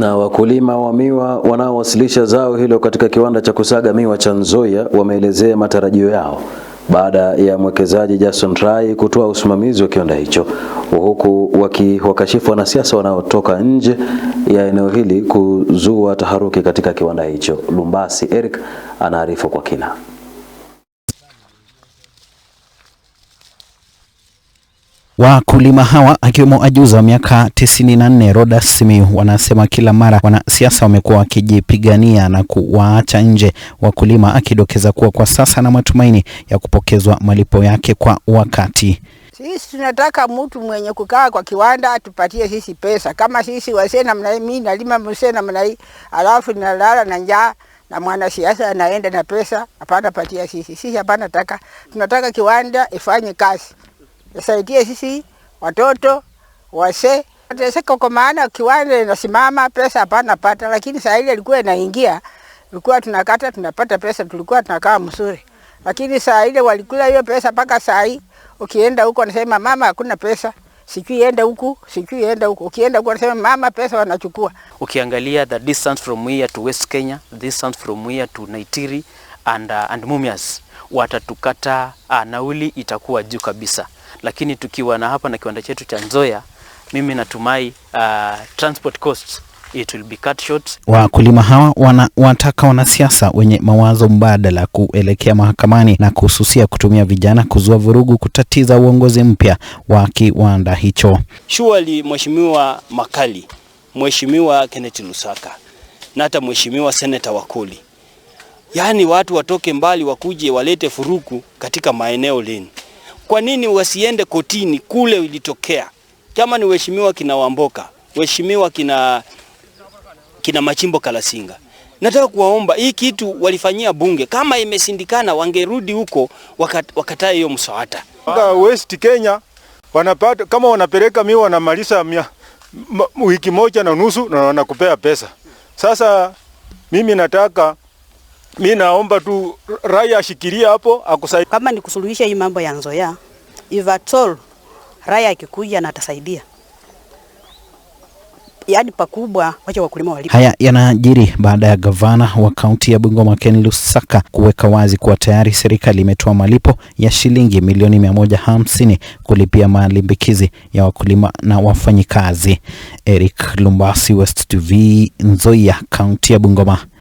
Na wakulima wa miwa wanaowasilisha zao hilo katika kiwanda cha kusaga miwa cha Nzoia wameelezea matarajio yao baada ya mwekezaji Jason Rai kutoa usimamizi wa kiwanda hicho, huku wakiwakashifu wanasiasa wanaotoka nje ya eneo hili kuzua taharuki katika kiwanda hicho. Lumbasi Eric anaarifu kwa kina. Wakulima hawa akiwemo ajuza wa miaka tisini nne Rodas Simiyu wanasema kila mara wanasiasa wamekuwa wakijipigania na kuwaacha nje wakulima, akidokeza kuwa kwa sasa na matumaini ya kupokezwa malipo yake kwa wakati. Sisi tunataka mtu mwenye kukaa kwa kiwanda atupatie sisi pesa, kama sisi wasee namna hii, mimi nalima msee namna hii, alafu nalala na njaa na mwanasiasa anaenda na pesa, hapana patia sisi. Sisi hapana taka, tunataka kiwanda ifanye kazi saidia sisi watoto wase teseka kwa maana kiwanda inasimama, pesa hapana pata, lakini saa ile ilikuwa inaingia, ilikuwa tunakata tunapata pesa, tulikuwa tunakaa mzuri, lakini saa ile walikula hiyo pesa mpaka saa hii ukienda huko nasema mama, hakuna pesa sijui enda huku, sijui enda huku. Ukienda huku anasema mama, pesa wanachukua. Ukiangalia the distance from here to West Kenya, distance from here to Naitiri and, uh, and Mumias watatukata uh, nauli itakuwa juu kabisa, lakini tukiwa na hapa na kiwanda chetu cha Nzoia, mimi natumai uh, transport costs It will be cut short. Wakulima hawa wanawataka wanataka wanasiasa wenye mawazo mbadala kuelekea mahakamani na kuhususia kutumia vijana kuzua vurugu kutatiza uongozi mpya wa kiwanda hicho. shuali Mheshimiwa Makali, Mheshimiwa Kenneth Lusaka na hata Mheshimiwa Seneta Wakoli, yaani watu watoke mbali wakuje walete furuku katika maeneo leni. Kwa nini wasiende kotini kule ilitokea? Kama ni waheshimiwa kina Wamboka, waheshimiwa kina kina Machimbo Kalasinga. Nataka kuwaomba hii kitu walifanyia bunge, kama imesindikana wangerudi huko wakat, wakatae hiyo msawata. West Kenya wanapata kama wanapeleka miwa wanamaliza wiki moja na nusu na wanakupea pesa. Sasa mimi nataka mimi naomba tu raia ashikilie hapo akusaidie. kama ni kusuluhisha hii mambo ya Nzoia. Ivatol raia ikikuja na atasaidia yaani pakubwa, wacha wakulima walipe. Haya yanajiri baada ya gavana wa kaunti ya Bungoma Ken Lusaka kuweka wazi kuwa tayari serikali imetoa malipo ya shilingi milioni mia moja hamsini kulipia malimbikizi ya wakulima na wafanyikazi. Eric Lumbasi, West TV, Nzoia, kaunti ya Bungoma.